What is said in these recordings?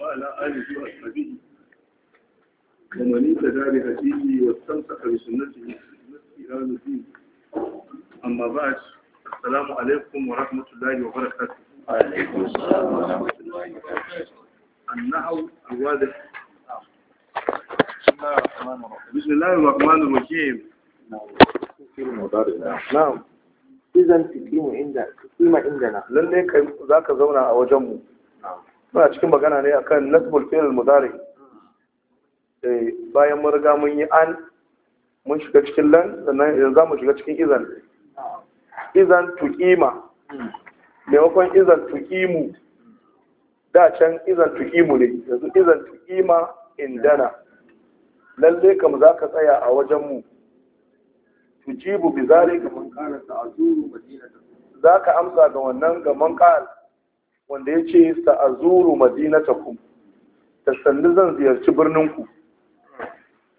وعلى آله وأصحابه ومن اهتدى بهديه واستمسك بسنته هذا الدين أما بعد السلام عليكم ورحمة الله وبركاته وعليكم السلام ورحمة الله وبركاته النحو الواضح بسم الله الرحمن الرحيم نعم إذا تقيم عندنا تقيم عندنا لن ذاك ذاك زونا أوجمه نعم suna cikin magana ne akan nasbul fi'l mudari eh bayan mun riga mun yi an mun shiga cikin lan sannan yanzu za mu shiga cikin izan izan tuqima maimakon izan tuqimu da can izan tuqimu ne yanzu izan tuqima indana lalle kam za ka tsaya a wajen mu tujibu bi zalika man kana ta'zuru madinatan zaka amsa ga wannan ga man qala wanda ya ce sa'azuru ku da sannu zan ziyarci birninku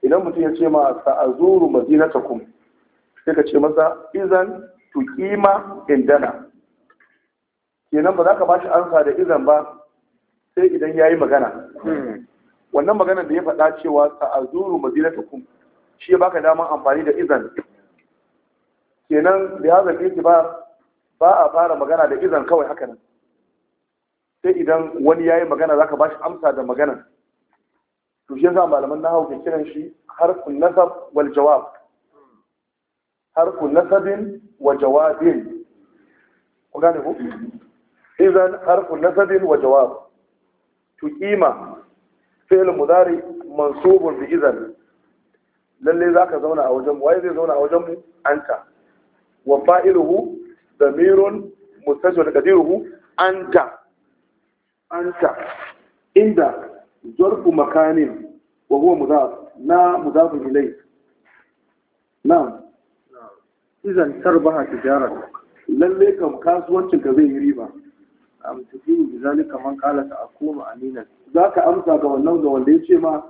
idan mutum ya ce ma sa'azuru ku, sai ka ce masa izan kima indana kenan ba za ka bashi ansa da izan ba sai idan ya yi magana wannan maganar da ya faɗa cewa sa'azuru ku shi ya baka daman amfani da izan kenan da ya zafi ba ba a fara magana da izan kawai haka nan sai idan wani ya yi magana za ka ba shi amsa da magana to shi yasa malaman na hau ke kiran shi harfun nasab wal jawab harfun nasabin wa jawabin ku gane ku idan harfun nasabin wa jawab to kima fi'il mudari mansubun bi idan lalle zaka zauna a wajen waye zai zauna a wajen mu anta wa fa'iluhu damirun mustajir qadiruhu anta anta inda zarfu makanin wa huwa mudaf na mudaf ilay na'am idan tarbaha tijarat lalle kam kasuwancin ka zai yi riba am tafiyu bizalika man qala ta akunu aminan zaka amsa ga wannan ga wanda yace ma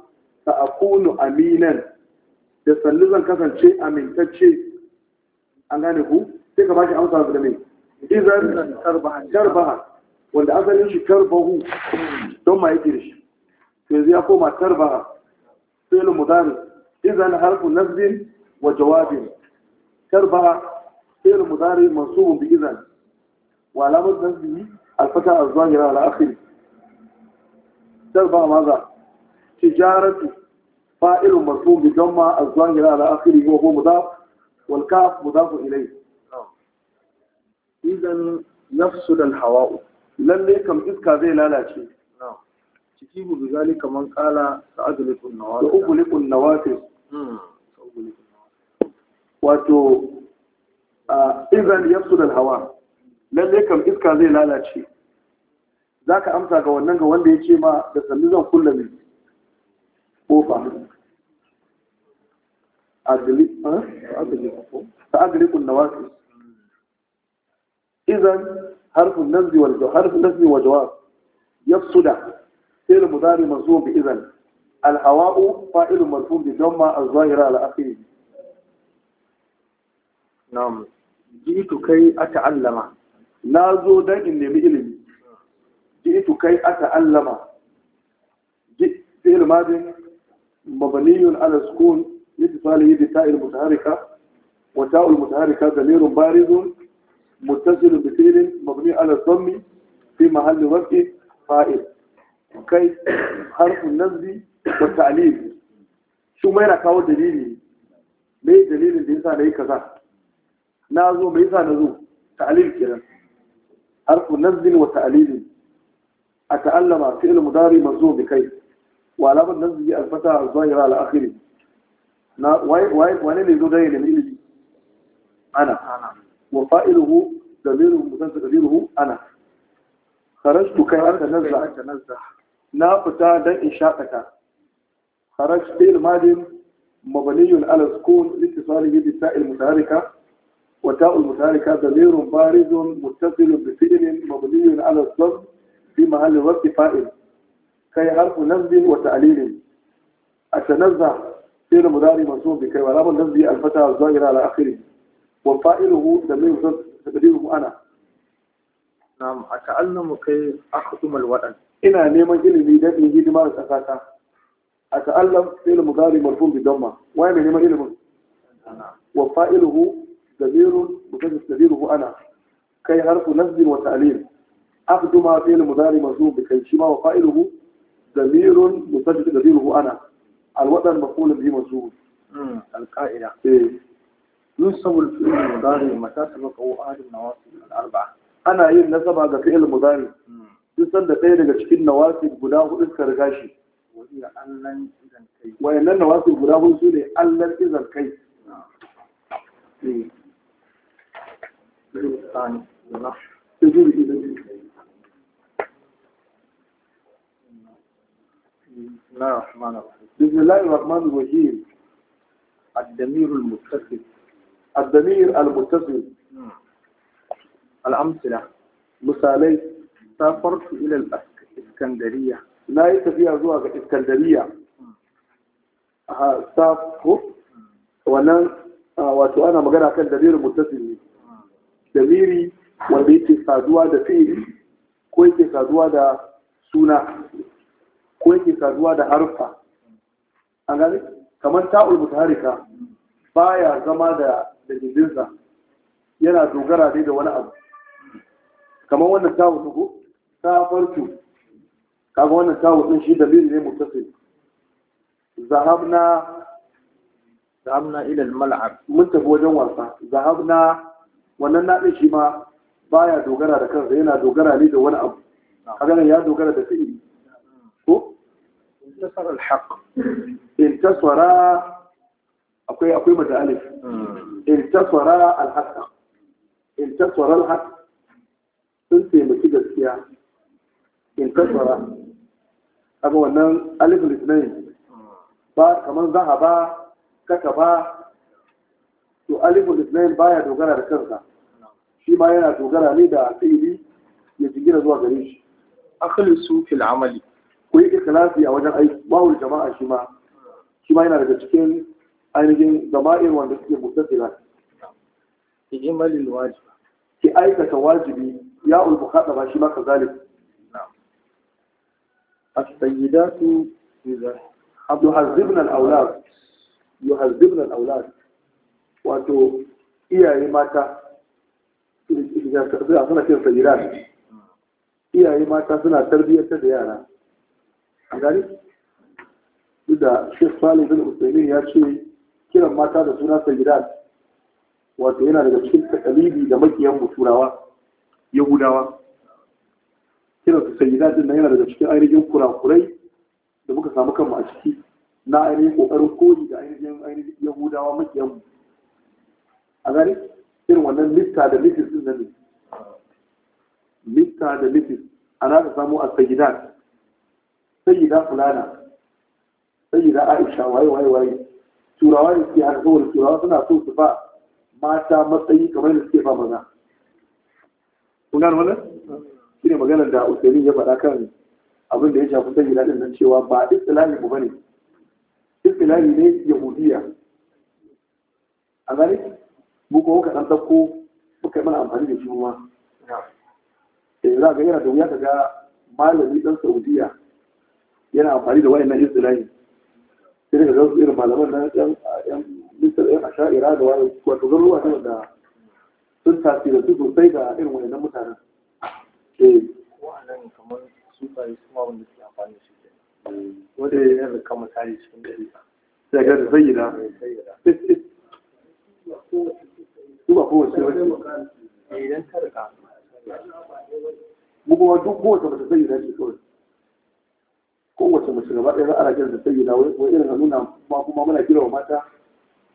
ta akunu aminan da sallu zan kasance amintacce an gane ku sai ka bashi amsa ga me idan tarbaha tarbaha wanda asalin shi hu don ma yake da shi to yanzu ya koma karba fi'il mudari idan harfu nasbin wa jawabin karba fi'il mudari mansubun bi idan wa alamat nasbihi alfata fata az-zahira ala akhir karba maza tijaratu فائل مرفوع بجمع الظاهر على آخره وهو مضاف والكاف مضاف إليه nafsu يفسد hawa'u lalle kam iska zai lalace ciki bu zali kamar kala ta azulikun nawafis da ugulikun nawafis hmm, wato izan ya da hawa lalle kam iska zai lalace za ka amsa ga wannan ga wanda ya ce ma da sannu zan kulla mai ko ta eh? azulikun nawafis izan حرف النزل والجواب حرف النزل والجواب يفسد فعل مضارع منصوب بإذن الهواء فاعل مرفوع بالضمة الظاهرة على آخره نعم جئت كي أتعلم لا زودا إني بإلم جئت كي أتعلم جئت فعل ماضي مبني على السكون لاتصاله بتاء المتحركة وتاء المتحركة دليل بارز متصل بفعل مبني على الضم في محل رفع فاعل كيف حرف النزل والتعليل شو ما يركاو دليلي me dalilin da yasa nayi kaza na zo me yasa na zo ta'lil kiran harfu nazl wa ta'lil ata'allama fi'l mudari mansub bi kai wa alamat nazli al fata al zahira al akhir na wai wai wani ne zo da yake ilimi ana وفائله ضميره متنزل ضميره أنا خرجت كي أتنزه نافتا دن إنشاءتك خرجت فعل ماضي مبني على السكون لاتصاله بالتاء المتحركة وتاء المتحركة ضمير بارز متصل بفعل مبني على الضم في محل رفع فاعل كي حرف نزل وتعليل أتنزه فعل مضارع منصوب بكي ورب النزل الفتى الظاهر على آخره وفائله لم ضمير تقديره أنا نعم أتعلم كي أخدم الوطن إنا نيما إلمي دفن هدما الأساسة أتعلم فعل مضارع مرفوع بالضمة وين نيما إلمي وفائله ضمير تقديره أنا كي حرف نصب وتعليل أخدم فعل مضارع مرفوع بكي شما وفائله ضمير مستجد تقديره أنا الوطن مقول به منصوب القائلة إيه يوصل الفعل المضارع متى تلقى أهل النواصي الأربعة أنا أي نصب هذا الفعل المضارع يصل دقيقة لتشكي النواصب بلاه إذكر غاشي وهي ألن إذا كي وإن النواصب بلاه إذكر ألن إذا كي بسم الله الرحمن الرحيم بسم الله الرحمن الرحيم الدمير المتخذ الضمير المتصل الأمثلة مثالي سافرت إلى الإسكندرية لا يتفيا زوا الإسكندرية سافر wannan wato ana magana kan damirin muttasil ne damiri wanda yake saduwa da fi'ili ko yake saduwa da suna ko yake saduwa da harfa an gani kamar ta'ul mutaharika baya zama da da jirginsa yana dogara dai da wani abu kamar wannan tawo su ta farko kaga wannan tawo din shi dalili ne mutasil zahabna zahabna ila al-mal'ab mun tafi wajen wasa zahabna wannan na shi ma baya dogara da kansa yana dogara ne da wani abu kaga ya dogara da fi'ili ko intasara al-haq intasara akwai akwai mata alif hmm. intasara al-haqqa intasara al-haqq sun taimaki gaskiya intasara kaga wannan alif lisnain ba kamar zahaba ba to alif lisnain baya dogara da kansa shi ma yana dogara ne da fi'ili ya jigina zuwa gare shi akhlisu fil amali ku yi ikhlasi a wajen aiki bawul jama'a shi ma shi ma yana daga cikin ainihin jama'ir wanda suke mutattila إجمال aikata wajibi. آية واجبي يا المخاطبة شما كذلك نعم السيدات إذا يهذبن الأولاد يهذبن الأولاد wato iyaye mata suna cin sajira iyaye mata suna tarbiyyarta da yara a gani duk da shek salih usaini ya ce kiran mata da suna sajira wato yana daga cikin takalibi da makiyan mu turawa yahudawa kiran su sayyida din nan yana daga cikin ainihin kurakurai da muka samu kanmu a ciki na ainihin kokarin koyi da ainihin ainihin yahudawa makiyan mu a gani irin wannan lista da litis din nan ne lista da litis ana ka samu a sayyida sayyida fulana sayyida aisha waye waye waye turawa ne ke haka saboda turawa suna so su ba mata matsayi kamar da suke ba maza kun gano wannan ne maganar da Usaini ya faɗa kan abin da ya shafi sai gidan nan cewa ba istilahi mu bane istilahi ne yahudiya a gani mu kuma ka dan dauko muka yi mana amfani da shi ma eh za ga yana da wuya ga malami ɗan Saudiya yana amfani da wayannan istilahi sai daga ga irin malaman na ɗan bisa ɗayan a sha'ira da wani wato garuruwa ne wanda sun tasirantu sosai ga irin wani wayannan mutanen eh wa'annan kamar sufaye su ma wanda suke amfani da shi eh. wanda ya yanzu kan misali cikin gari sai ga da eh, sayyida su ba kowace wacce eh, idan ka rika mu kuma duk kowace mace sayyida ce kawai kowace mace gaba ɗaya za a rage da sayyida wai irin nuna kuma muna kira wa mata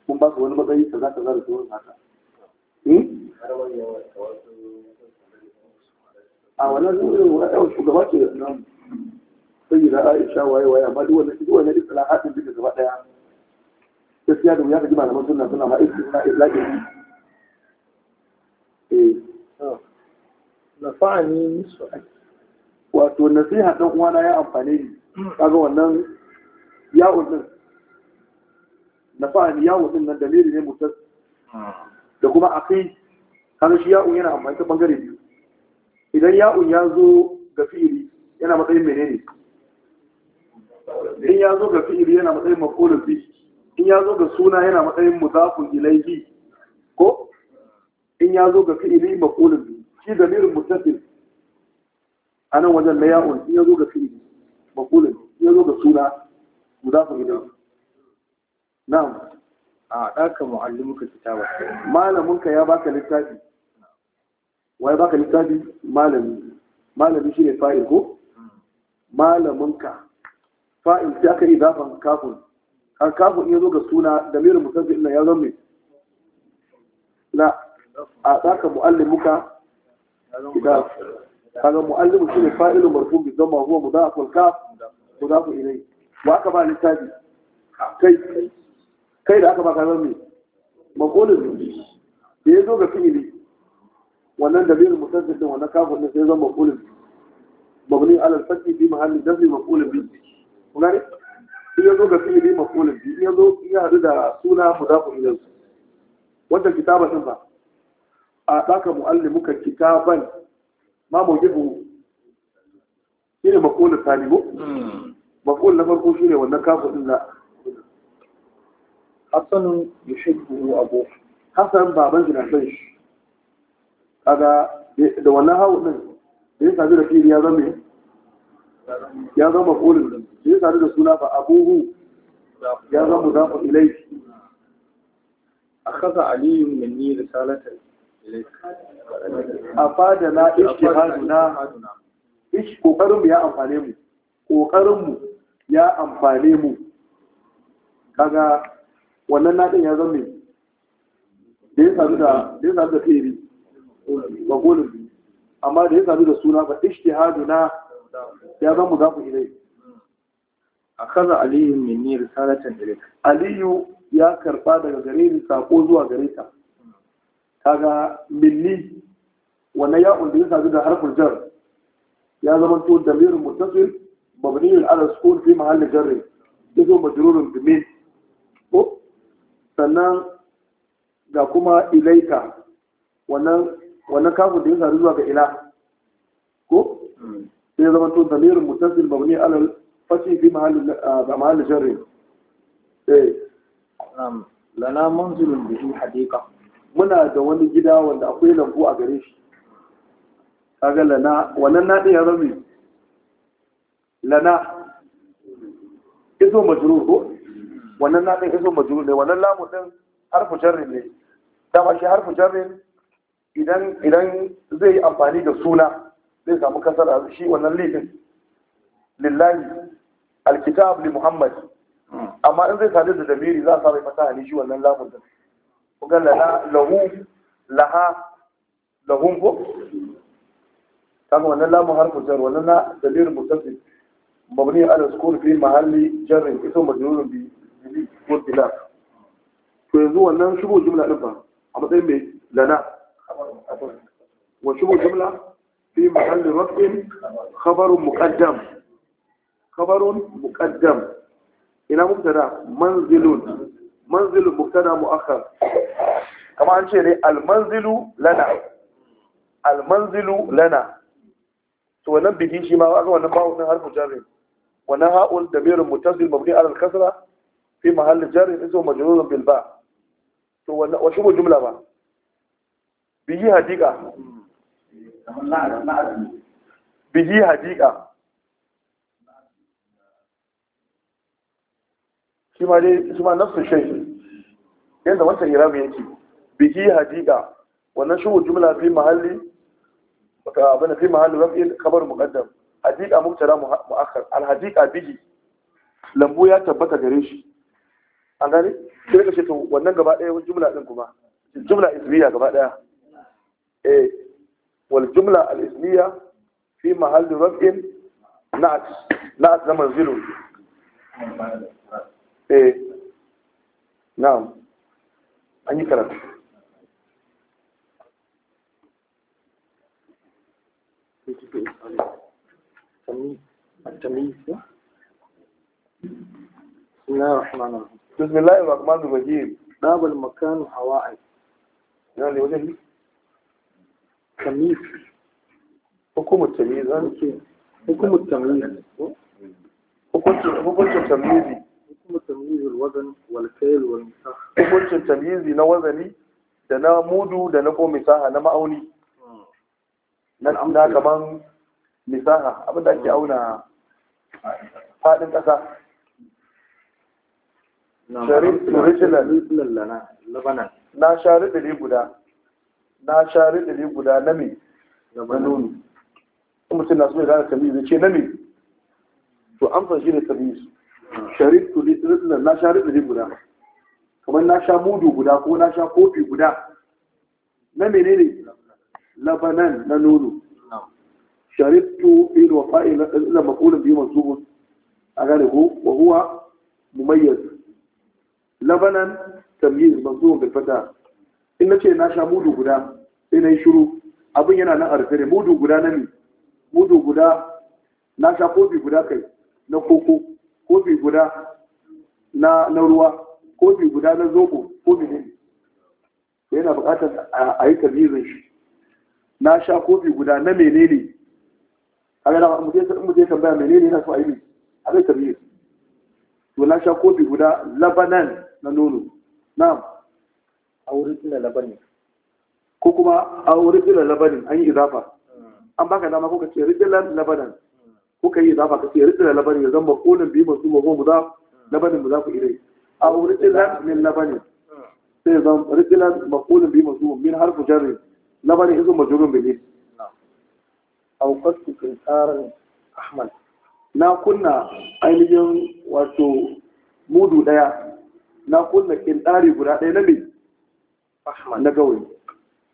kun ba su wani matsayi za ta zara tsohon haka hmm? a wannan zuwa shugaba ce da nan sai da Aisha waye waye amma duk wannan duk wannan islahatin duka gaba daya gaskiya da wuya ka ji malaman sunna suna ma irin suna islaki yi. Eh. nafa'ani su'al wato nasiha dan uwana ya amfane ni kaga wannan ya na fahimi yawon din nan dalilin ne mutas da kuma akai hannun shi ya'un yana amfani ta bangare biyu idan ya'un ya zo ga fi'ili yana matsayin menene in ya zo ga fi'ili yana matsayin makonin bi in ya zo ga suna yana matsayin mudafun bi? ko in ya zo ga fi'ili makonin bi shi damirin a anan wajen na ya'un in ya zo ga fi'ili makonin in ya zo ga suna mudafun ilayhi na'am a ɗaka mu'allimuka kitaba malaminka ya baka littafi wai baka littafi malami malami shi ne fa'il ko malaminka fa'il sai ka yi zafin kafin har kafin ya zo ga suna da mirin musamman ina ya zama na a ɗaka mu'allimuka kitaba kaga mu'allimu shine fa'ilun marfu bi dhamma huwa mudafun kaf mudafun ilayhi wa ka ba littafi kai kai da aka baka zan mai makolin da ya zo ga fi'ili wannan da biyu musaddid din wannan kafin din sai zan makolin mabni ala al-fathi fi mahalli dafi makolin bi kuma ne in ya zo ga fi'ili makolin bi ya zo ya hadu da suna mudafu yanzu wanda kitaba sun ba a daka muallimuka kitaban ma mu mujibu ne makolin tani ko hmm. makolin na farko shine wannan kafin din hasanun yushibbu abu hasan baban shi na shi da wannan hawo din da ya sadu da fili ya zama ya zama kulin da da suna ba abuhu ya zama mudafu ilai akhadha aliyu minni risalatan afada na ishtihaduna ish kokarin mu ya amfane mu kokarin mu ya amfane mu kaga wannan naɗin ya zama da ya sami da da ya sami da ba wa golin amma da ya sami da suna ba ijtihadu na ya zama mudafu ilai kaza aliyu minni risalatan dare. aliyu ya karba daga gare ni sako zuwa gare ta kaga milli wannan ya da ya sami da harfin jar ya zama to damirin muttasil mabni ala sukun fi mahallin jarri ya zo bi min ko sannan ga kuma ilaika wannan wannan kafin da ya sa zuwa ga ila ko hmm. sai zama to damirin mutasil wani alal fashi fi mahalin ga mahallin sharri eh lana manzilun bihi hadika muna da wani gida wanda akwai lambu a gare shi kaga lana wannan na ɗaya zama lana iso majrur ko wannan na ɗin iso majuru ne wannan lamun ɗin harfu jarrin ne dama shi harfu jarrin idan idan zai yi amfani da suna zai samu a shi wannan lilin lillahi alkitab li muhammad amma in zai sadu da damiri za a samu mata hali shi wannan lamun ɗin kuka lahu laha lahun ko kaga wannan lamun harfu jar wannan na dalilin mutasil مبني على سكون في محل جر اسم مجرور mutila to yanzu wannan shugo jumla din ba a matsayin mai lana wa shugo jumla fi mahallin rafin khabarun muqaddam khabarun muqaddam ina mubtada manzilun manzilun mubtada muakhar kama an ce ne almanzilu lana almanzilu lana to wannan bihi shi ma aka wannan ba'u din harfu jarri wannan ha'ul damirun mutasil mabni ala al-kasra في محل جر اسمه مجرور بالباء to wasu jumla ba biyi hadika biyi hadika shi ma dai shi ma nafsu shai yadda wancan irabi yake biyi hadika wannan shi jumla fi mahalli abin fi mahalli rafi kabar muqaddam hadika mubtada muakhar al hadika bihi lambu ya tabbata gare shi an gane sai ka ce to wannan gaba ɗaya jumla ɗin kuma jumla ismiya gaba ɗaya eh wal jumla al ismiya fi mahall raf'in na'at na'at na manzilu eh, na'am an yi karatu بسم الله الرحمن الرحيم بسم الله الرحمن الرحيم باب المكان حوائج يعني وجه لي تمييز حكم التمييز حكم التمييز حكم التمييز حكم التمييز الوزن والكيل والمساحة حكم التمييز نوزني da na mudu da na ko misaha na ma'auni nan amna kaman misaha abinda ake auna faɗin ƙasa shari'tu rijilan na shari ɗari guda na shari ɗari guda na me na nono mutum na so ya gane tamizu ce na me to an amsa shi ne tamizu shari'tu rijilan na shari ɗari guda kamar na sha mudu guda ko na sha kofi guda na menene labanan na nono na il wafa'i ila maqulun bi mansubun a gane ko wa huwa mumayyiz labanan tamyiz mazmun bil fata in nace na sha mudu guda sai na yi shiru abin yana nan arfere mudu guda na ne? mudu guda na sha kofi guda kai na koko kofi guda na ruwa kofi guda na zobo kofi ne yana buƙatar a yi tamyizin shi na sha kofi guda na menene haka da mu je tambaya menene na so a yi ne. a zai tamyiz to na sha kofi guda labanan na nono na'am wurin ila labanin ko kuma wurin ila labanin an yi izafa hmm. an baka dama ko kace rijalan labanin ko kai izafa ce rijalan labanin ya zama kolin biyu masu wa mudaf hmm. labanin mudaf ilai auri ila min labanin hmm. sai zan rijalan maqulun biyu masu min harfu jarri labanin izu majrurun bihi ahmad na kunna ainihin wato mudu daya na kunna kindari guda ɗaya na me na gawayi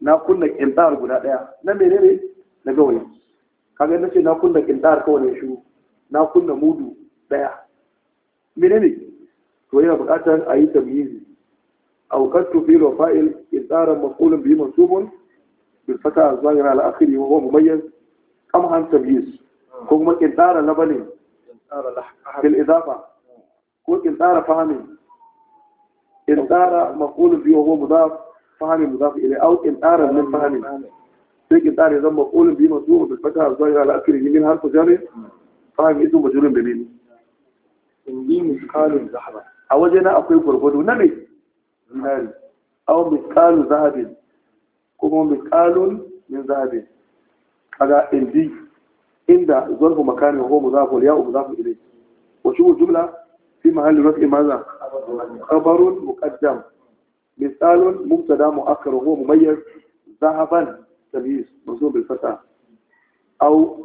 na kunna kindar guda ɗaya na me ne na gawayi kaga na ce na kunna kindar kawai ya shiru na kunna mudu ɗaya mene ne to yana buƙatar a yi tamyizi fa'il fi rafa'il kindaran maqulun masu mansubun bil fata azwajir al akhiri wa huwa mumayyiz am han tamyiz hmm. ko kuma kindara labanin bil idafa ko kindara fahimin إنذار مقول به وهو مضاف فهم مضاف إليه أو إنذار من فهم لكن إنذار إذا مقول به مضروب بالفتحة الظاهرة على آخره من حرف جر فهم اسم مجرور بمين إني مثقال زحمة أوجنا أقول غرغدو نبي أو مثقال ذهب كما مثقال من ذهب هذا إندي عند ظرف مكان وهو مضاف والياء مضاف إليه وشوفوا الجملة في محل رفع ماذا خبر مقدم مثال مبتدا مؤخر وهو مميز ذهبا تمييز منصوب بالفتح أو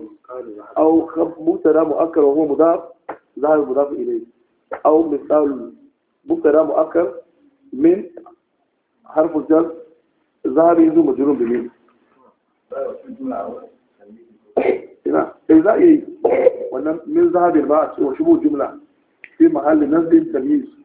أو مبتدا مؤخر وهو مضاف ذهب مضاف إليه أو مثال مبتدا مؤخر من حرف الجر ذهب يزو مجرور بمين إذا إيه من ذهب الباس وشبه جملة في محل نزل تمييز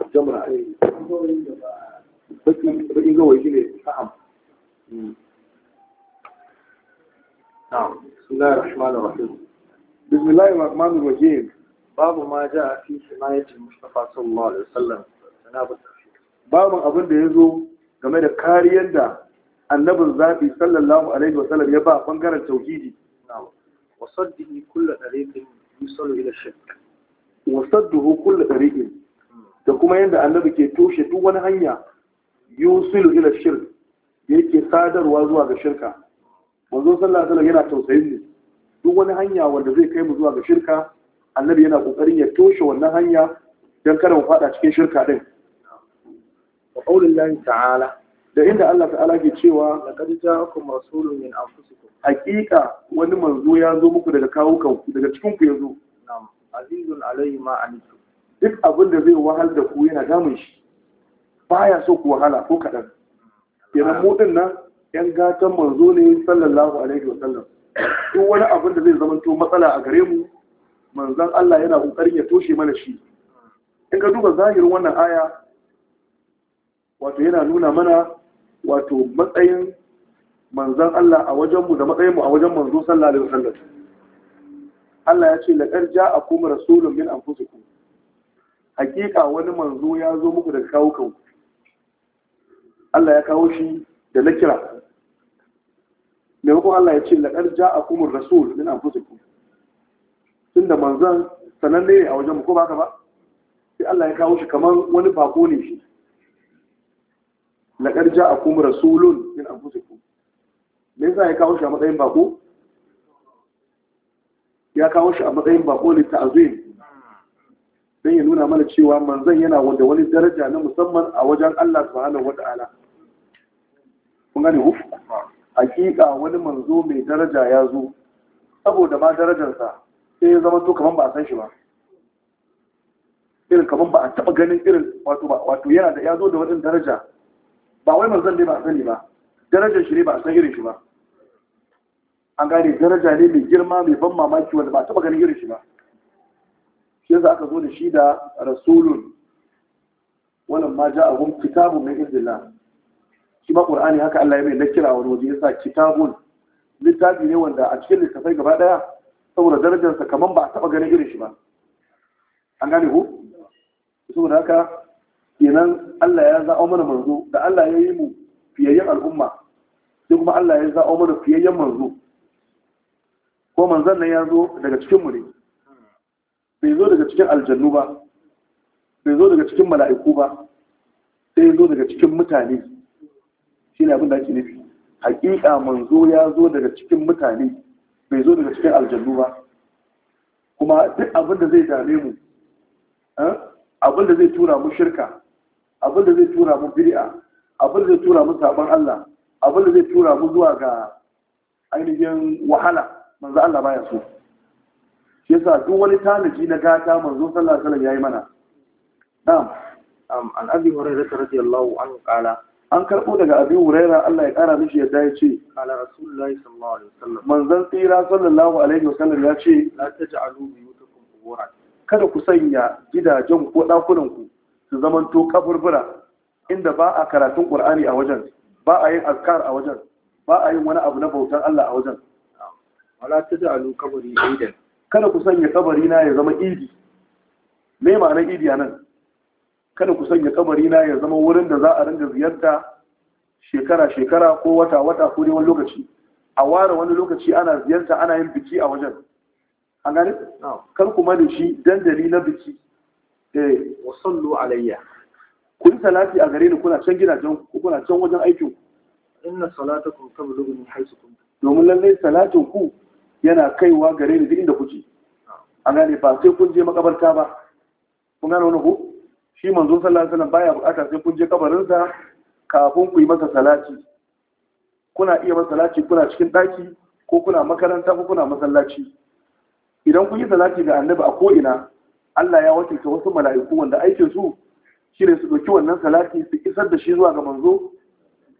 نعم بسم الله الرحمن الرحيم بسم الله الرحمن الرحيم باب ما جاء في حماية المصطفى صلى الله عليه وسلم جناب باب أظن بهذو كما إذا كاريا دا النبي صلى الله عليه وسلم يبا فنقر التوحيدي نعم وصده كل طريق يصل إلى الشرك وصده كل طريق da kuma yadda annabi ke toshe duk wani hanya yusilu ila shirk da yake sadarwa zuwa ga shirka manzo sallallahu alaihi yana tausayin ne duk wani hanya wanda zai kai mu zuwa ga shirka annabi yana kokarin ya toshe wannan hanya dan kada mu fada cikin shirka din wa qaulullahi ta'ala da inda Allah ta'ala ke cewa laqad ja'akum rasulun min anfusikum haqiqa wani manzo ya zo muku daga kawukan daga cikin ku yazo na'am azizun alayhi ma anitum duk abin da zai wahal da ku yana damun shi baya so ku wahala ko kaɗan kenan mu din nan yan gatan manzo ne sallallahu alaihi wa sallam duk wani abin da zai zama to matsala a gare mu manzon Allah yana kokarin ya toshe mana shi in ka duba zahirin wannan aya wato yana nuna mana wato matsayin manzon Allah a wajen mu da matsayin mu a wajen manzo sallallahu alaihi wa sallam Allah ya ce laqad ja'akum rasulun min anfusikum hakika wani manzo ya zo muku da kawukan Allah ya kawo shi da nakira maimakon Allah ya ce laqad ja'akumur rasul min anfusikum tunda manzon sananne ne a wajen mu ko baka ba sai Allah ya kawo shi kamar wani bako ne shi laqad kumar rasulun min anfusikum me yasa ya kawo shi a matsayin bako ya kawo shi a matsayin bako ne azim don ya nuna mana cewa manzan yana wanda wani daraja na musamman a wajen Allah wata ala. kun gani hufu? hakika wani manzo mai daraja ya zo saboda ma darajarsa sai ya zama to kamar ba a san shi ba irin kamar ba a taba ganin irin wato wato yana da ya zo da wani daraja ba wai manzan ne ba a sani ba darajar shi ne ba a san irin shi ba an gane daraja ne mai girma mai ban mamaki wanda ba a taba ganin irin shi ba shi aka zo da shi da rasulun wannan ma ja ahum kitabun mai izina shi ma ƙurani haka Allah ya mai na kira wani waje yasa kitabun littafi ne wanda a cikin littafai gaba daya saboda darajarsa kamar ba a taɓa ganin irin shi ba an gane ku saboda haka kenan Allah ya za'a mana manzo da Allah ya yi mu fiyayyen al'umma sai kuma Allah ya za'a mana fiyayyen manzo ko manzon nan ya zo daga cikin mu ne bai zo daga cikin aljannu ba bai zo daga cikin mala'iku ba sai zo daga cikin mutane shi ne abin da ake nufi hakika manzo ya zo daga cikin mutane bai zo daga cikin aljannu ba kuma duk abin da zai dame mu eh, abin da zai tura mu shirka abin da zai tura mu bid'a abin da zai tura mu sabon Allah abin da zai tura mu zuwa ga ainihin wahala manzo Allah baya so yasa duk wani tanaji na gata manzo sallallahu alaihi wasallam yayi mana na'am am an abi hurairah radiyallahu anhu qala an karbo daga abi hurairah Allah ya kara mishi yadda ya ce qala rasulullahi sallallahu alaihi wasallam manzon tsira sallallahu alaihi wasallam ya ce la taj'alu biyutakum quburan kada ku sanya gidajen ko dakunan ku su zamanto kaburbura inda ba a karatun qur'ani a wajen ba a yin azkar a wajen ba a yin wani abu na bautar Allah a wajen wala taj'alu qabri aidan kada ku sanya kabari na ya zama idi me ma'anar idi a nan kada ku sanya kabari na ya zama wurin da za a ringa ziyarta shekara shekara ko wata wata ko dai wani lokaci a ware wani lokaci ana ziyarta ana yin biki a wajen an gane kar ku mani shi dandali na biki eh wasallu alayya ku yi salati a gare ni kuna can gidajen ku kuna can wajen aikin inna salatakum tablughu min haythu kuntum domin lallai salatin ku yana kaiwa gare ni inda kuke an gane ba sai kun je makabarta ba kun gane wani ku shi manzon sallallahu alaihi wasallam baya bukata sai kun je kabarinsa kafin ku yi masa salati kuna iya masa salati kuna cikin daki ko kuna makaranta ko kuna masallaci idan kun yi salati ga annabi a ko ina Allah ya wakilta wasu mala'iku wanda aikin su shine su doki wannan salati su isar da shi zuwa ga manzo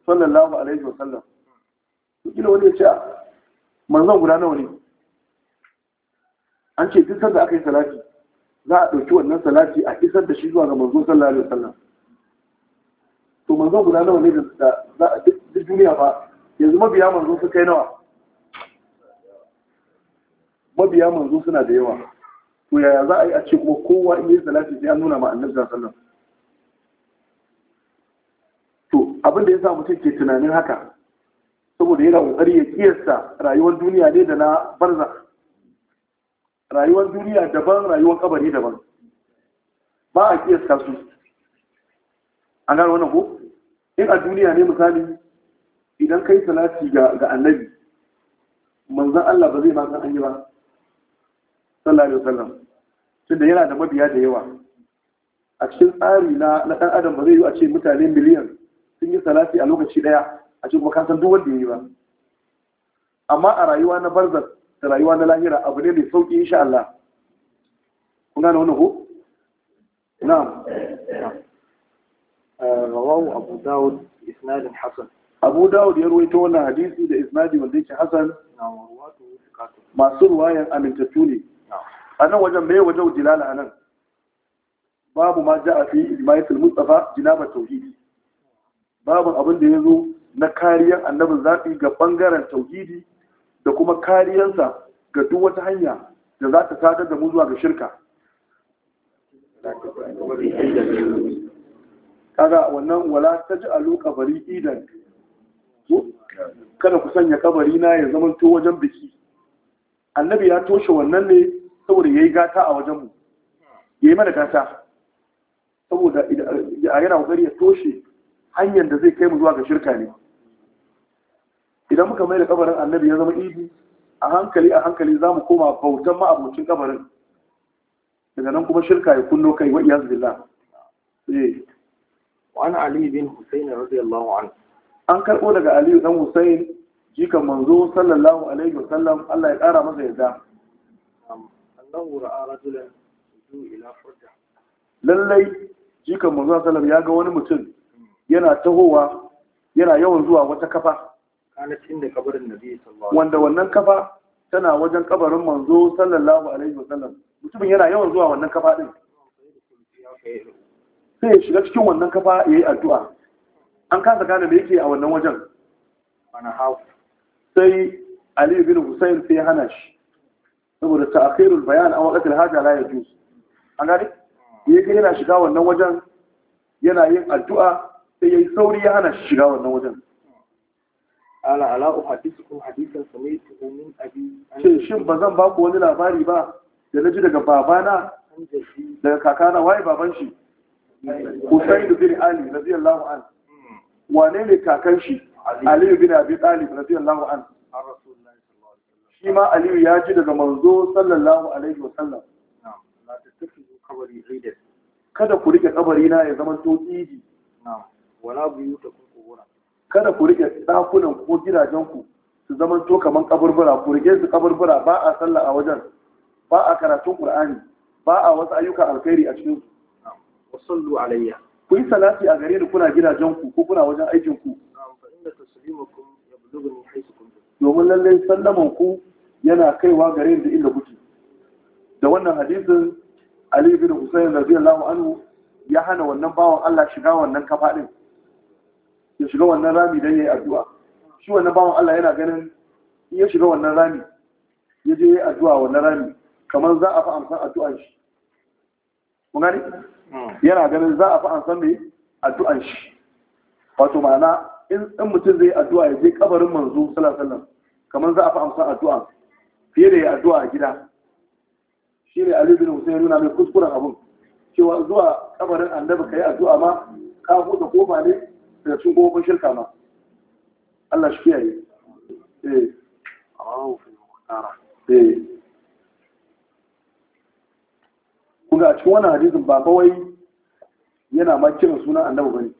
sallallahu alaihi wasallam kila wani ya ce manzan guda nawa ne an ce duk sanda aka yi salati za a ɗauki wannan salati a isar da shi zuwa ga manzo sallallahu alaihi wasallam to manzo guda nawa ne da za a duk duniya ba yanzu mabiya manzo su kai nawa mabiya manzo suna da yawa to yaya za a yi a ce kuma kowa in yi salati sai an nuna ma annabi sallallahu alaihi wasallam to abin da ya sa mutum ke tunanin haka saboda yana kokari ya kiyasta rayuwar duniya ne da na barza rayuwar duniya daban rayuwar kabari daban ba a kiyasta su an gano wannan ko in a duniya ne misali idan kai salati ga annabi manzan Allah ba zai ba an yi ba sallallahu alaihi wasallam tunda yana da mabiya da yawa a cikin tsari na na dan adam ba zai yi a ce mutane miliyan sun yi salati a lokaci daya a cikin makasar san duk wanda ya yi ba amma a rayuwa na barzan da rayuwa na lahira abu ne mai sauƙi insha Allah kuna da wani ku? Na. Eh, rawawu abu dawud isnadin Hassan. abu dawud ya ruwaito wani hadisi da isnadi wanda yake hasan masu ruwayan amintattu ne a nan wajen mai wajen jilala a nan babu ma a fi ijma'itul mustafa jinabar tauhidi babu abin da ya zo na kariyar annabin zaɓi ga ɓangaren tauhidi da kuma kariyarsa ga duk wata hanya da za ta sadar da mu zuwa ga shirka kaga wannan wala ta ji alu kabari idan kada ku sanya kabari na ya zama to wajen biki annabi ya toshe wannan ne saboda ya yi gata a wajenmu ya yi mana gata saboda a yana kokari ya toshe hanyar da zai kai mu zuwa ga shirka ne idan muka mai da kabarin annabi ya zama idi a hankali a hankali za mu koma bautan ma'abocin kabarin daga nan kuma shirka ya kunno kai wa iyaz billah eh. wani aliyu bin husayn radiyallahu anhu an karɓo daga Aliyu, dan husayn jikan manzo sallallahu alaihi wasallam Allah ya ƙara masa yadda rajulan ila lallai jikan manzo sallallahu alaihi wasallam ya ga wani mutum yana tahowa yana yawan zuwa wata kafa wanda wannan kafa tana wajen kabarin manzo sallallahu alaihi wasallam mutumin yana yawan zuwa wannan kafa din sai ya shiga cikin wannan kafa ya yi addu'a an kasa gane da yake a wannan wajen sai ali bin hussein sai ya hana shi saboda ta'khirul bayan an waqtil haja la yajuz an gane yake yana shiga wannan wajen yana yin addu'a sai yayi sauri ya hana shi shiga wannan wajen قال ألا أحدثكم حديثا سمعته min abi shin ba zan ba ku wani labari ba da na ji daga babana daga kakana waye baban shi Usaid bin Ali radiyallahu an hmm. wane ne kakan shi Ali bin Abi Talib radiyallahu an shi ma Ali ya ji daga manzo sallallahu alaihi wa sallam kada ku rike kabari na ya zama to idi wala buyutakum kada ku rike ɗakunan ko gidajen ku su zama to kaman kaburbura ku rike su kaburbura ba a sallah a wajen ba a karatun qur'ani ba a wasu ayyukan alkhairi a cikin ku. sallu alayya ku yi salati a gare ni kuna gidajen ku ko kuna wajen aikin ku domin lallai sallaman ku yana kaiwa gare ni inda kuke da wannan hadisin Ali bin Husayn radiyallahu anhu ya hana wannan bawan Allah shiga wannan kafa din ya shiga wannan rami don ya yi addu'a shi wannan bawan Allah yana ganin in ya shiga wannan rami ya je ya yi addu'a wannan rami kamar za a fi amsan addu'an shi kun ne? Hmm. yana ganin za a fi amsan mai addu'an shi wato ma'ana in mutum zai addu'a ya je kabarin manzo sallallahu kamar za a fi amsan addu'a fiye da ya addu'a a gida shi ne Ali bin ya nuna mai kuskuren abun cewa zuwa kabarin annabi ka yi addu'a ma ka buɗe kofa ne daga cikin kofofin shirka ma Allah shi kiyaye eh rawu fi mukhtara eh kuma a cikin wannan hadisin ba kawai yana ma kiran sunan annabi bane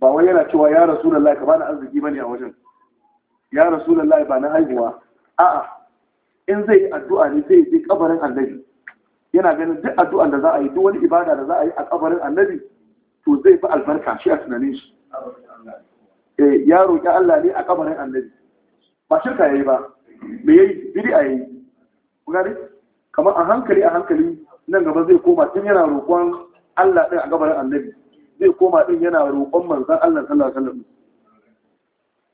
ba wai yana cewa ya rasulullahi ka bani arziki bane a wajen ya rasulullahi ba na haihuwa a'a in zai addu'a ne zai je kabarin annabi yana ganin duk addu'an da za a yi duk wani ibada da za a yi a kabarin annabi to zai fi albarka shi a tunanin shi eh, ya roƙi Allah ne a kabarin annabi ba shirka yi ba me yayi bid'a yayi yi. gane kamar a hankali a hankali nan gaba zai koma tun yana roƙon Allah ɗin a ƙabarin annabi zai koma ɗin yana roƙon manzan Allah sallallahu alaihi wasallam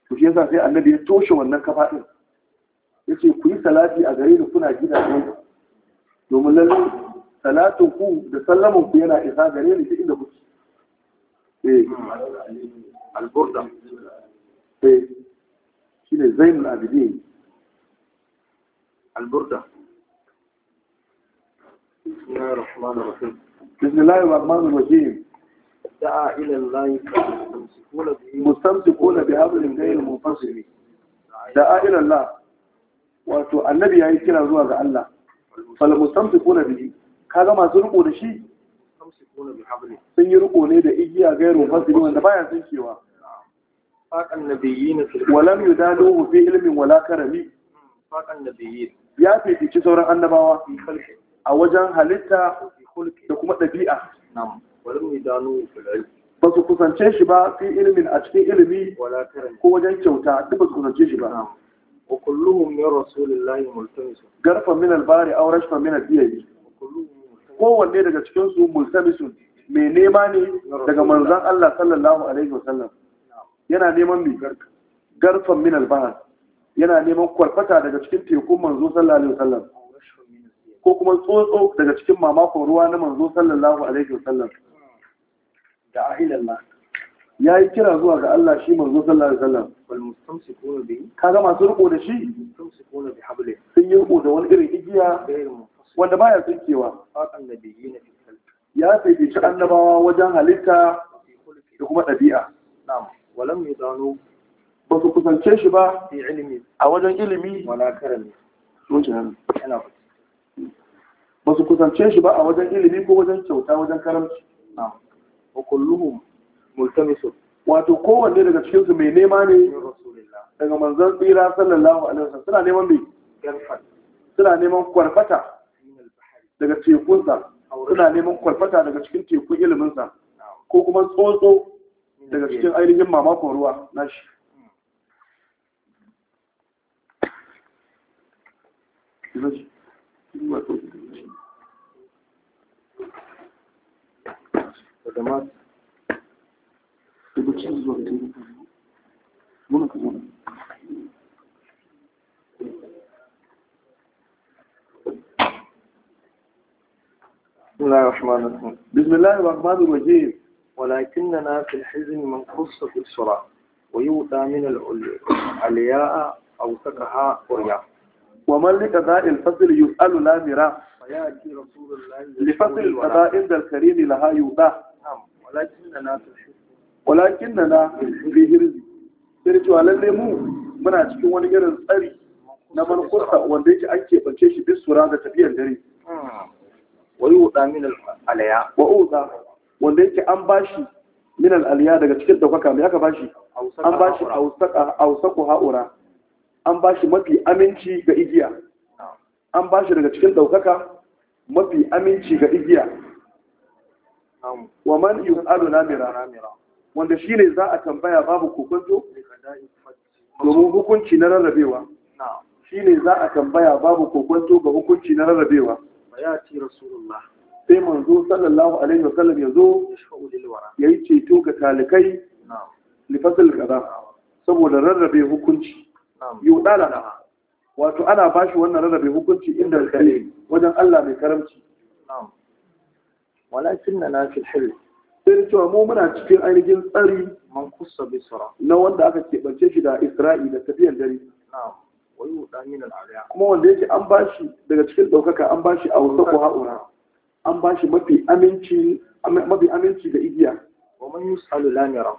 to shi yasa sai annabi ya toshe wannan kafa ɗin ce ku yi salati a gare ni kuna gida ne domin lallai, salatin ku da sallaman ku yana isa gare ni duk inda kuke alburda shi ne zainul abidin alburda بسم الله الرحمن الرحيم دعا إلى الله مستمسكون بأمر غير منفصل دعا إلى الله wato annabi ya yi kira zuwa ga Allah fal mustamsikuna bihi kaga masu riko da shi sun yi riko ne da igiya gairu fasili wanda baya tsinkewa faƙan nabiyyin walam yudaluhu fi ilmin wala karami faƙan nabiyyin ya fifici sauran annabawa a wajen halitta da kuma ɗabi'a ba su kusance shi ba fi ilimin a cikin ilimi ko wajen kyauta duk ba su kusance shi ba wa kulluhum min rasulillahi multamisun garfa min albari aw rashfa min adiyyi kulluhum kowanne daga cikin su multamisun mai nema ne daga manzon Allah sallallahu alaihi wasallam yana neman mai garfan min albahar yana neman kwarfata daga cikin tekun manzo sallallahu alaihi wasallam ko kuma tsotso daga cikin mamakon ruwa na manzo sallallahu alaihi wasallam da ahilallah ya yi kira zuwa ga Allah shi manzo sallallahu alaihi wasallam wal mustamsikuna bi kaga masu riko da shi sun yi riko da wani irin igiya wanda ba baya tsinkewa ya fahimci annabawa wajen halitta da kuma ɗabi'a walan mai zano ba su kusance shi ba a wajen ilimi ba su kusance shi ba a wajen ilimi ko wajen kyauta wajen karamci wa kulluhum multamisu wato kowanne daga cikin su mai nema ne daga manzon tsira sallallahu alaihi wasallam suna neman mai suna neman kwarfata daga tekunsa suna neman kwalfata daga cikin tekun iliminsa ko kuma tsotso daga cikin ainihin mamakon ruwa nashi بسم الله الرحمن الرحيم بسم الله الرحمن الرحيم ولكننا في الحزن من قص في الصلاة ويوتى من العلياء أو سكها وريا ومن لقضاء الفصل يسأل لا مرا فيأتي رسول الله لفصل القضاء عند الكريم لها يوتى نعم ولكننا في الحزن ولكننا في الحزن سيرجو على الليمون muna cikin wani irin tsari na mankusa wanda yake an keɓance shi bisura da tafiyar dare wa yuda min al-alaya wa uda wanda yake an bashi min al-alaya daga cikin daukaka me aka bashi an bashi ausaka ausaku haura an bashi mafi aminci ga igiya an bashi daga cikin daukaka mafi aminci ga igiya wa man yus'alu namira wanda shine za a tambaya babu kokonto domin hukunci na rarrabewa shine za a tambaya babu kokonto ga hukunci na rarrabewa fayati rasulullah sai manzo sallallahu alaihi wa sallam yazo ya yi ceto ga talikai lifasil kaza saboda rarrabe hukunci yudala wato ana bashi wannan rarrabe hukunci inda kare wajen Allah mai karamci walakin na fil hilm sai cewa mu muna cikin ainihin tsari man kusa bisra na wanda aka keɓance shi da isra'i da tafiyar dare na'am kuma wanda yake an bashi daga cikin ɗaukaka an bashi a wasa ko haura an bashi mafi aminci mafi aminci da igiya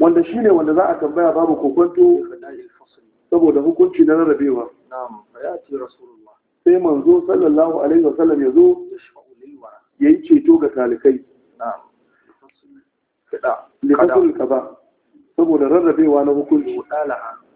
Wanda shi ne wanda za a tambaya babu kokonto saboda hukunci na rarrabewa sai manzo sallallahu alaihi wa sallam ya yi ceto ga talikai na'am kada likasur saboda rarrabewa na hukunci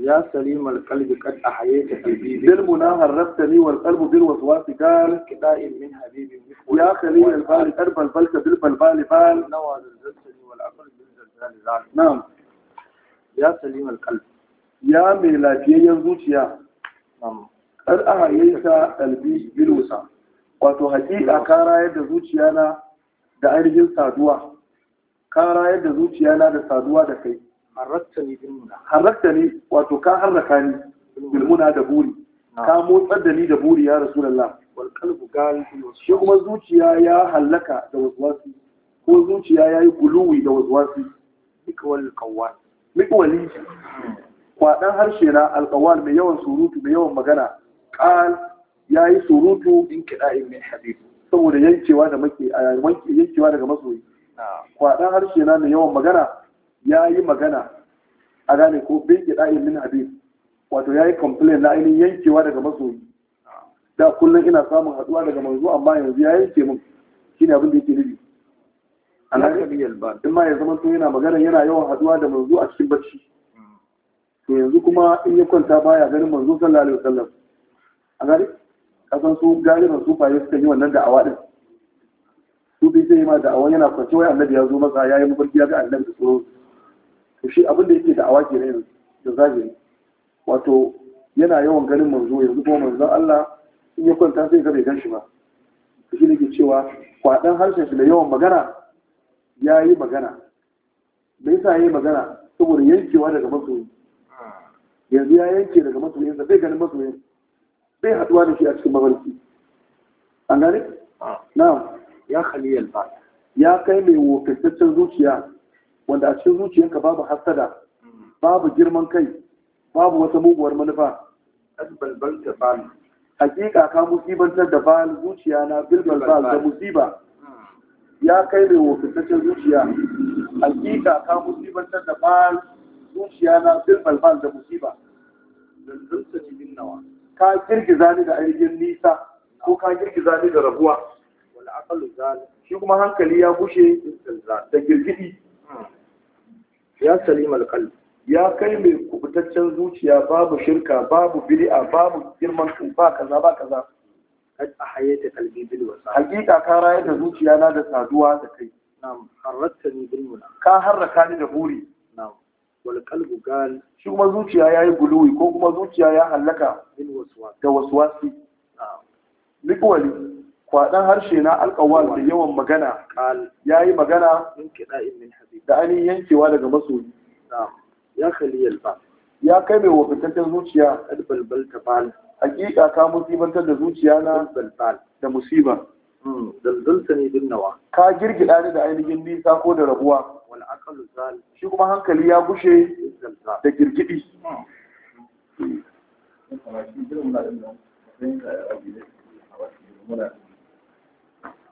يا سليم القلب قد أحييت قلبي بالمنى هربتني والقلب بالوسواس قال كداء من حبيبي يا خليل البال قرب البلك بالبلبال بال نوى زلزلتني والعقل بالزلزال نعم يا سليم القلب يا ميلافيا زوجيا نعم قد أحييت قلبي بالوسع wato hakika ka rayar da zuciyana da ainihin saduwa ka rayar da zuciyana da saduwa da kai harraktani bilmuna harraktani wato ka harraka ni bilmuna da buri ka motsar da ni da buri ya rasulullah wal qalbu gal shi kuma zuciya ya hallaka da waswasi ko zuciya ya yi guluwi da waswasi mikwal qawwal mikwali kwadan harshe na alqawal mai yawan surutu mai yawan magana qal ya yi surutu in kida'in min hadith saboda yankewa da yankewa daga masoyi kwadan harshe na mai yawan magana ya yi magana a gane ko bin kiɗa'in min abin wato ya yi complain na ainihin yankewa daga masoyi da kullum ina samun haɗuwa daga manzo amma yanzu ya yanke min ne abin da yake nufi in ma ya zama to yana magana yana yawan haɗuwa da manzo a cikin bacci to yanzu kuma in ya kwanta baya ganin manzo sallallahu alaihi wasallam a gari kasan su galiban su faye suka yi wannan da'awa din su bi sai ma da'awa yana kwance wai annabi ya zo masa ya yi mafarki ya ga annabi da tsoro to shi abin da yake da ke ne da zahiri wato yana yawan ganin manzo yanzu kuma manzon Allah in ya kwanta sai ga bai gan shi ba to shi nake cewa kwadan harshen shi da yawan magana ya yi magana me yasa ya yi magana saboda yankewa daga masoyi yanzu ya yanke daga masoyin sa bai ganin masoyin bai haduwa da shi a cikin mafarki an gane? Ah. na ya khaliyal ba ya kai mai wokaitaccen zuciya wanda a cikin zuciyanka babu hasada babu girman kai babu wata muguwar manufa hakika ka musibantar da bal zuciya na bilbal bal da musiba hmm. ya kai da wofintaccen zuciya hakika ka musibantar da bal zuciya na bilbal bal da musiba nawa ka girgiza ni da ainihin nisa ko ka girgiza ni da rabuwa Wani aqalu zane. shi kuma hankali ya bushe da girgidi hmm. ya salim ya kai mai kubutaccen zuciya babu shirka babu bid'a babu girman kai ba kaza ba kaza kad ahayata kalbi bil wasa hakika ka rayar da zuciya na da saduwa da kai na'am ni bil wasa ka harraka ni da buri na'am wal qalbu gal shi kuma zuciya yayi guluwi ko kuma zuciya ya halaka bil waswas da waswasi na'am liqwali kwaɗan harshe na alƙawal da yawan magana ya yi magana da ainihin yankewa daga masoyi ya kai ba ya kai mai wakantaccen zuciya balbal ta bal hakika ka musibantar da zuciya na balbal da musiba dalzalta hmm. ne din nawa ka girgida ni da ainihin nisa ko da rabuwa wal aqlu zal shi kuma hankali ya gushe da girgidi hmm.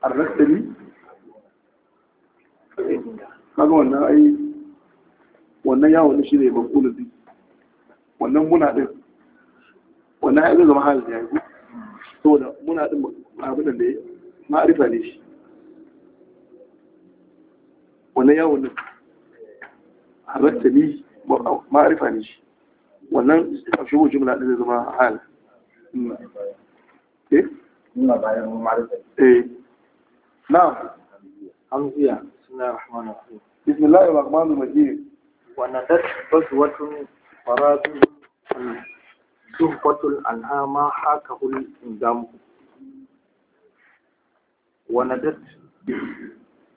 arrastari kaga wannan ai wannan yawon shi ne bakulun bi wannan muna din wannan ya zama halin ya yi da muna din abinan da ya ma'arifa ne shi wannan yawon din arrastari ma'arifa ne shi wannan shigo jumla din zai zama hal eh? naam حمزية بسم الله الرحمن الرحيم بسم الله الرحمن الرحيم وندت قسوة فراد زهفة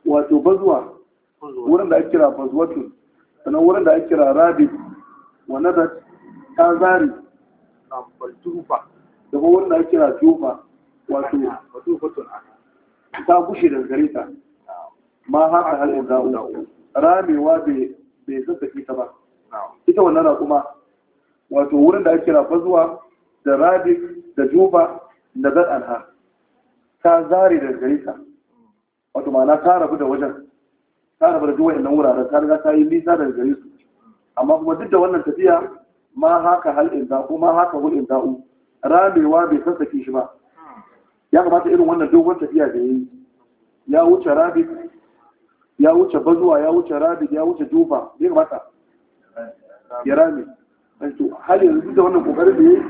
wato bazuwa wurin da ake kira bazuwatu sannan wurin da ake kira rabi wa ta zari da kuma wurin da ake kira jufa wato batun ta gushe da gare ta ma haka halin za'u ramewa bai sassaƙi ta ba ita wannan kuma, wato wurin da ake rafa zuwa da Rabi, da juba da zar'an ha ta zare da gare ta wato ma'ana ta rabu da wajen ta rabu da duwa innan wuraren ta riga ta yi nisa da gare su amma kuma duk da wannan tafiya ma haka halin za'u ma haka hulin za'u ramewa bai sassaƙi shi ba ya kamata irin wannan dogon tafiya da yi ya wuce rabi ya wuce bazuwa ya wuce rabi ya wuce jufa ya kamata ya rami. rame Hali yanzu da wannan kokarin da ya yi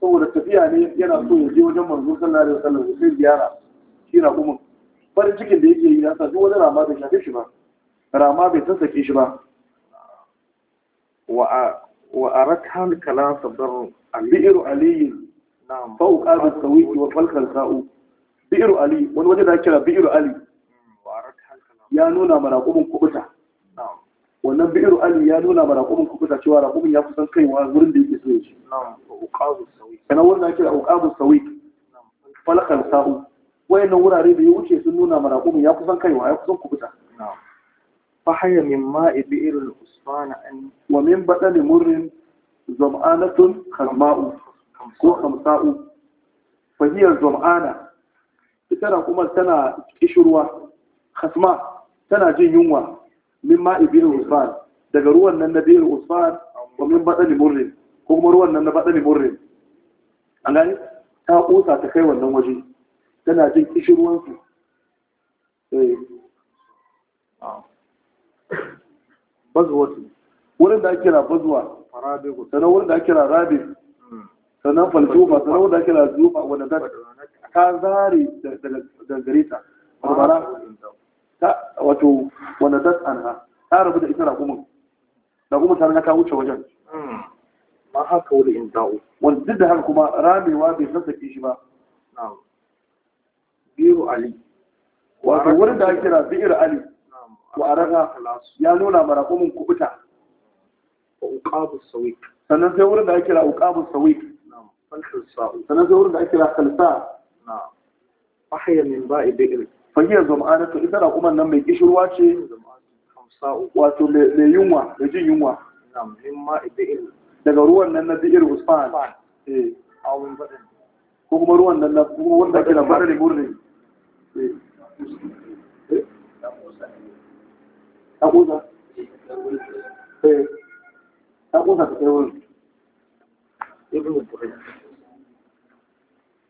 saboda tafiya ne yana so ya je wajen manzo sallallahu alaihi wasallam sai ziyara shi na kuma farin cikin da yake yi ya sa duk wani rama bai shafe shi ba rama bai sassake shi ba wa a rakan kalam sabr al-bi'r aliyin fauka da sawiki wa falkar sa'o. bi'ir ali wani waje da kira bi'ir hmm, ali ya nuna ma raƙumin kubuta wannan bi'ir ali ya nuna ma raƙumin kubuta cewa raƙumin ya kusan kaiwa wurin da yake so ya ci kana wannan kira uqabu sawiki falkar sa'u wayannan wurare da ya wuce sun nuna ma raƙumin ya kusan kaiwa ya kusan kubuta فحي من ماء بئر الأسفان أن ومن بدن مر ظمآنة خرماء ko hamsa'u fahiyar zam'ana ita na kuma tana kishirwa Hasma tana jin yunwa min ma'i biyar usman daga ruwan nan na biyar usman ko min badani murrin ko kuma ruwan nan na badani murrin an gani ta kusa ta kai wannan waje tana jin kishirwan eh. bazuwa wurin da ake kira bazuwa sannan wurin da ake kira rabin sannan faljufa sannan wanda kira zufa wanda ta ka zare daga gare ta barbara ta wato wanda ta tsanha ta rabu da ita raƙumin raƙumin ta riga ta wuce wajen hmm. ma haka wani in da'u wanda duk da haka kuma ramewa bai ke shi ba biyu ali wato wurin da kira bi'ir ali wa araka ya nuna mara raƙumin kubuta sannan sai wurin da kira ukabu sawik سنزور الأكل خلفاء نعم فحي من باء بئر فهي زمآنة إذا لقوم أن نمي إيش الواتي واتو ليوما لجي يوما نعم من ماء بئر daga ruwan nan na bi'ir usman eh ko kuma ruwan nan na wanda ke da barin burri ta kusa ta kusa ta kai wani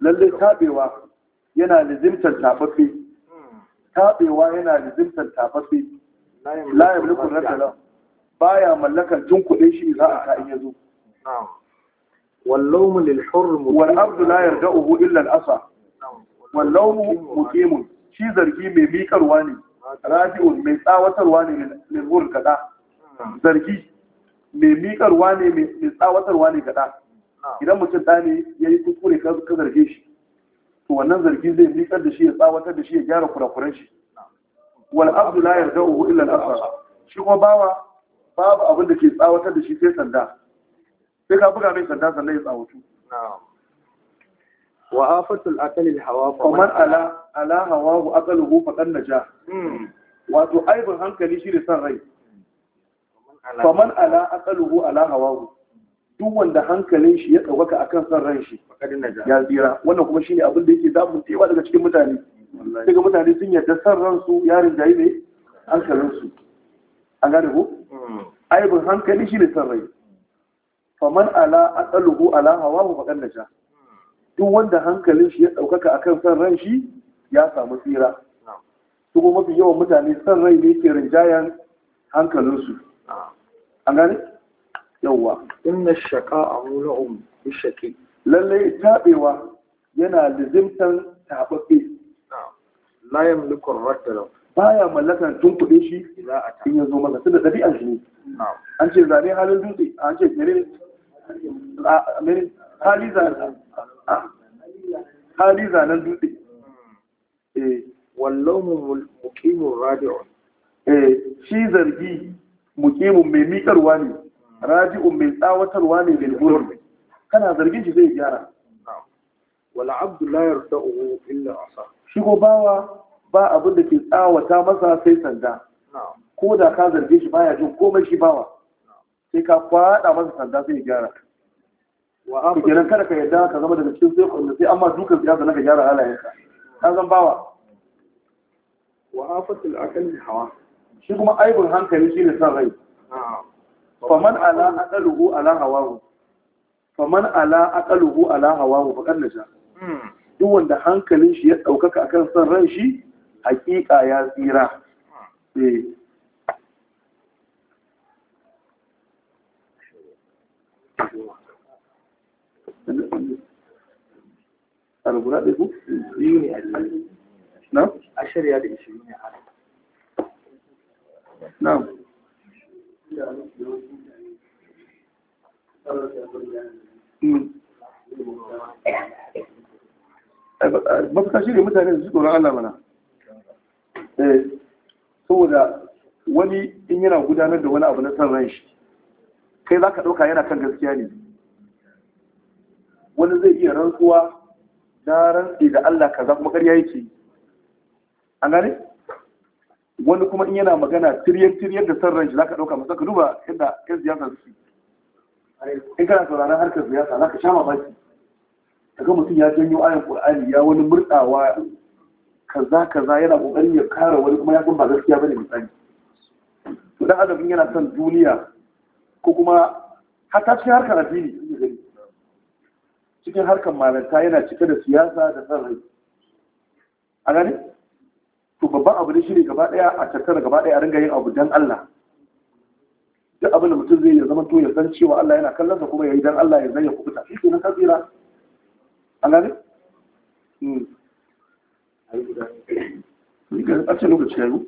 lallai taɓewa yana lizimtar taɓaɓe taɓewa yana lizimtar taɓaɓe layar mulkin rasala ba ya mallakar jin kuɗin shi za a ta'in ya zo wallawun lilhur mutum wani abdu la yarda uhu illa al'asa wallawun mutumun shi zargi mai miƙarwa ne rabi'un mai tsawatarwa ne lilhur gada zargi mai miƙarwa ne mai tsawatarwa ne gada idan mutum ɗa ne ya yi kuskure ka zarge shi to wannan zargi zai miƙar da shi ya tsawatar da shi ya gyara kurakuran shi wal abdu la yardahu illa al asar shi kuma bawa babu abin da ke tsawatar da shi sai sanda sai ka buga mai sanda sannan ya tsawatu wa afatul akali al hawa faman ala ala hawahu aqaluhu na naja hmm. wato aibin hankali shi da san rai hmm. faman ala aqaluhu ala hawahu duk wanda hankalin shi ya ɗaukaka a kan son ran shi ya tsira wannan kuma shine abin da yake damun tsewa daga cikin mutane daga mutane sun yarda son ransu ya rinjaye ne su. an gane ko aibin hankali shi ne son rai faman ala asaluhu ala wa faqad naja duk wanda hankalin shi ya ɗaukaka akan son ran shi ya samu tsira su kuma mafi yawan mutane son rai ne ke rinjayen su. an gane yawwa inna shaqa'a mul'um bishaqi lalle tabewa yana lizimtan tababbe la yamliku ar-radda baya mallakan tun kuɗe shi in ya zo masa tunda ɗabi'an shi ne an ce zane halin dutse an ce mere hali zanen dutse hmm. eh. wallon mukimin radiyon eh, shi zargi mukimin mai miƙarwa ne raji'un mai tsawatarwa ne lil gurbi kana zargin shi zai gyara wala abdu la yarda'u illa asa shi ko bawa ba abin da ke tsawata masa sai sanda ko da ka zarge shi baya jin komai shi bawa sai ka faɗa masa sanda sai gyara to kenan kada ka yarda ka zama daga cikin sai kunna sai amma dukan siyasa na ka gyara halayenka ka zan bawa wa afatul aqal hawa shi kuma aibun hankali shi ne san rai faman ala aqaluhu ala hawahu faman ala aqaluhu ala hawahu faqad hmm. duk wanda hankalin shi ya daukaka akan san ran shi haƙiƙa ya tsira hmm. eh. a na mafaka shi ne mutane su tsoron Allah mana eh, saboda wani in yana gudanar da wani abu na san ran shi kai za ka ɗauka yana kan gaskiya ne wani zai iya rantsuwa na rantsi da Allah za kuma ƙarya yake an gane wani kuma in yana magana tiryar-tiryar da san ranji zaka dauka masa ka duba inda yan siyasa su in kana sauraron harkar siyasa zaka sha mamaki daga mutum ya janyo ayan qur'ani ya wani murdawa kaza kaza yana kokarin ya kare wani kuma ya san ba gaskiya bane misali to dan adam yana son duniya ko kuma hatta cikin harkar addini cikin harkar malanta yana cike da siyasa da san ranji a gani to babban abu ne shine gaba ɗaya, a tattara gaba ɗaya, a ringa yin abu dan Allah duk abin da mutum zai ya zama to ya san cewa Allah yana kallon kuma ya yi dan Allah ya zanya kubuta shi kenan kabira an gane mm ni ga a cikin lokaci yau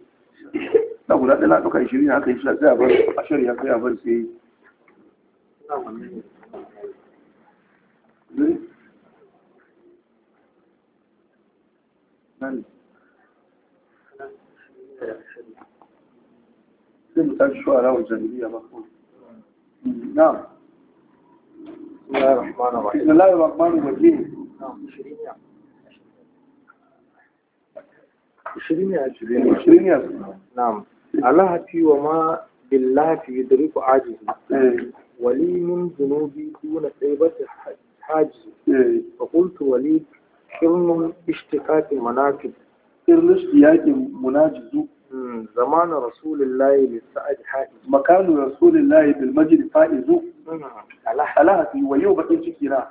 da guda ɗaya na ɗauka shirin haka yi shi sai a bar a shirya sai a bar sai Thank you. sai الشعراء tashi shu'ara نعم بسم الله الرحمن الرحيم بسم الله الرحمن الرحيم نعم 20 يا 20 يا 20 يا نعم اللهتي وما باللهتي يدرك عاجز إيه. ولي من ذنوبي دون طيبة حاجز إيه. فقلت ولي كرن اشتقاق مناكب كرن اشتقاق مناجز زمان رسول الله للسعد حائز مكان رسول الله بالمجد فائز على ويوبا تشكينا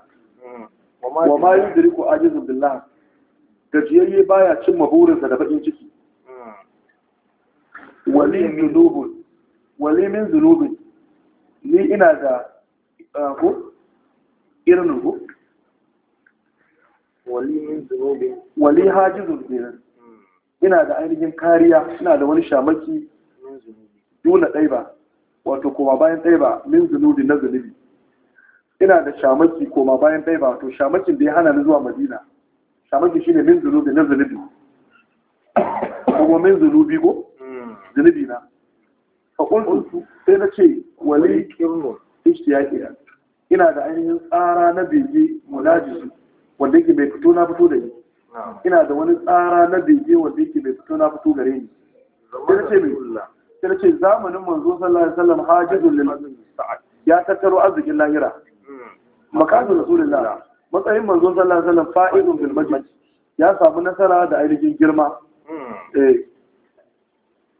وما يدرك عاجز بالله gajiyayye baya cimma maburinsa da bakin ciki hmm. wali min zunubin ni ina da ah, ko irin ko wali min zunubin wali hajizun ina da ainihin kariya ina da wani shamaki duna ba wato koma bayan ba min zunubi na zunubi ina da shamaki koma bayan ba wato shamakin da ya hana ni zuwa madina shamaki shine min zunubi na zunubi kuma min zunubi ko zunubi na A kuntu sai na ce wali kirno ishtiyaki ina da ainihin tsara na bege mulajisu wanda yake bai fito na fito da ni ina da wani tsara na bege wanda yake bai fito na fito gare ni sai ce zamanin manzo sallallahu alaihi wasallam hajjul lil ya tattaro arzikin lahira hmm. makatu rasulullah matsayin manzo sallallahu alaihi wasallam fa'idun bil majid ya samu nasara da ainihin girma hmm. eh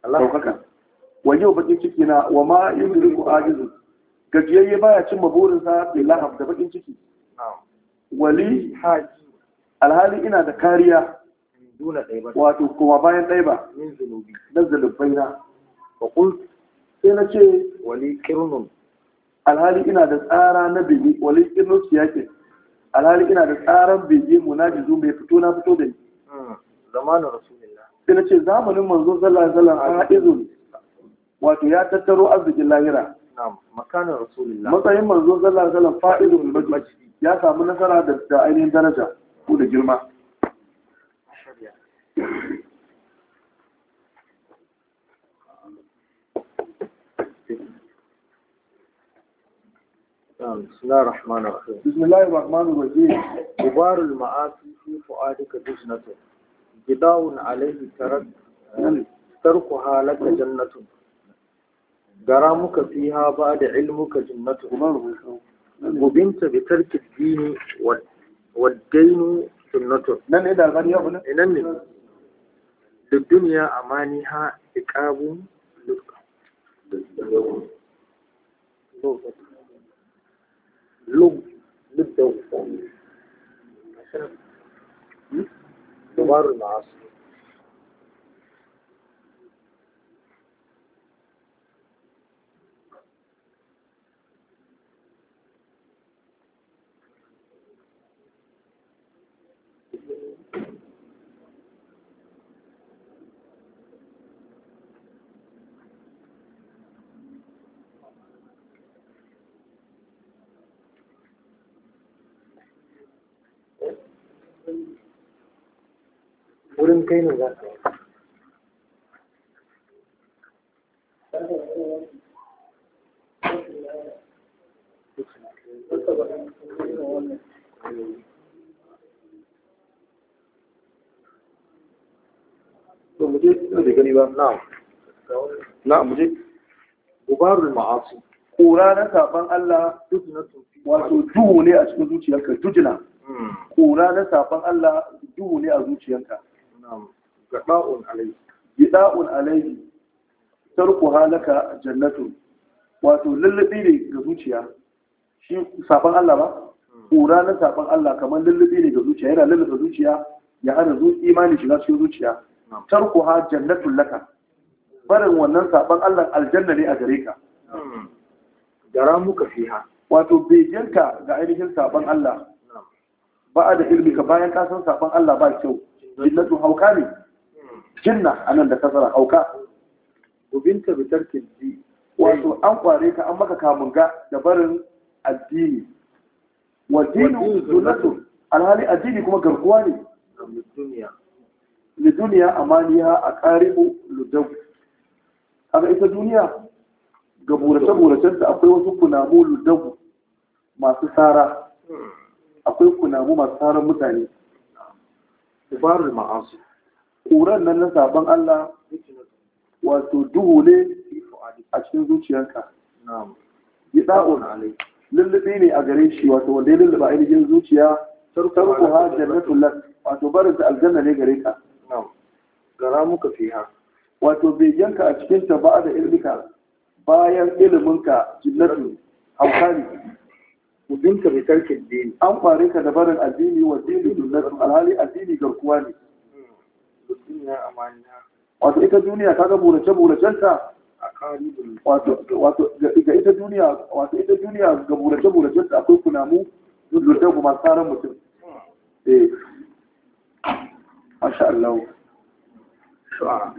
Allah kaka waje bakin ciki na wa ma yudriku ajizu gajiyayye baya cin maburinsa bil lahab da bakin ciki wali haji alhali ina da kariya wato kuma bayan ɗai ba na zunubai na sai na ce wali kirnun alhali ina da tsara na bege wali kirnun su yakin alhali ina da tsaran bege munajizu mai fito na fito da ni hmm. zamanin rasulullah sai na ce zamanin manzo haɗe alaihi wasallam wato ya tattaro arzikin lahira matsayin manzo sallallahu alaihi fa'idun fa'idul ya samu nasara da ainihin daraja girma بسم الله الرحمن الرحيم بسم الله الرحمن الرحيم غبار المعاصي في فؤادك دجنة جداء عليه ترك تركها لك جنة غرامك فيها بعد علمك جنة وبنت بترك الدين waddainu sunnatun nan ne da albani abu nan nan ne lidduniya amaniha iqabun lukka lug liddau dubarul ma'asi wurin kai ne za ka yi to muje da gani ba na na muje gubarul ma'asi kura na saban Allah dukna wato duhu ne a cikin zuciyarka dujina hmm. kura na saban Allah duhu ne a zuciyarka gaba'un alaihi gida'un alai tarku halaka jannatu wato lullubi ne ga zuciya shi saban Allah ba hmm. ƙura na sabon Allah kamar lullubi ne ga zuciya yana lullubi zuciya ya hana imani shiga cikin zuciya tarku ha jannatu laka barin wannan sabon Allah aljanna ne a gare ka hmm. gara muka fiha wato begenka ga ainihin sabon Allah ba da ilmi ka bayan ka san Allah ba kyau jillatu hauka ne jinna anan da kasara hauka ubinta bi tarkin ji wato an kware ka an maka kamun ga da barin addini wa dinu zullatu alhali addini kuma garkuwa ne li duniya amaniya a qaribu ludau kaga ita duniya ga burace-buracen da akwai wasu kunamu ludau masu tsara akwai kunamu masu tsara mutane kubarul ma'asu ƙuran nan na sabon Allah wato duhu ne a cikin zuciyarka na alai lullube ne a gare shi wato wanda ya lullube ainihin zuciya tarko ha jannatul lak wato barin ta aljanna ne gare ka gara muka fiha wato begenka a cikin ta ba da ilmika bayan iliminka jinnatu haukani mutum ka bi tarkin dini an kware ka da barin addini wa dini dunnatun alhali addini garkuwa ne wato ita duniya kaga burace burace ta akwai kunamu dudurta kuma tsaron mutum eh masha Allah shu'a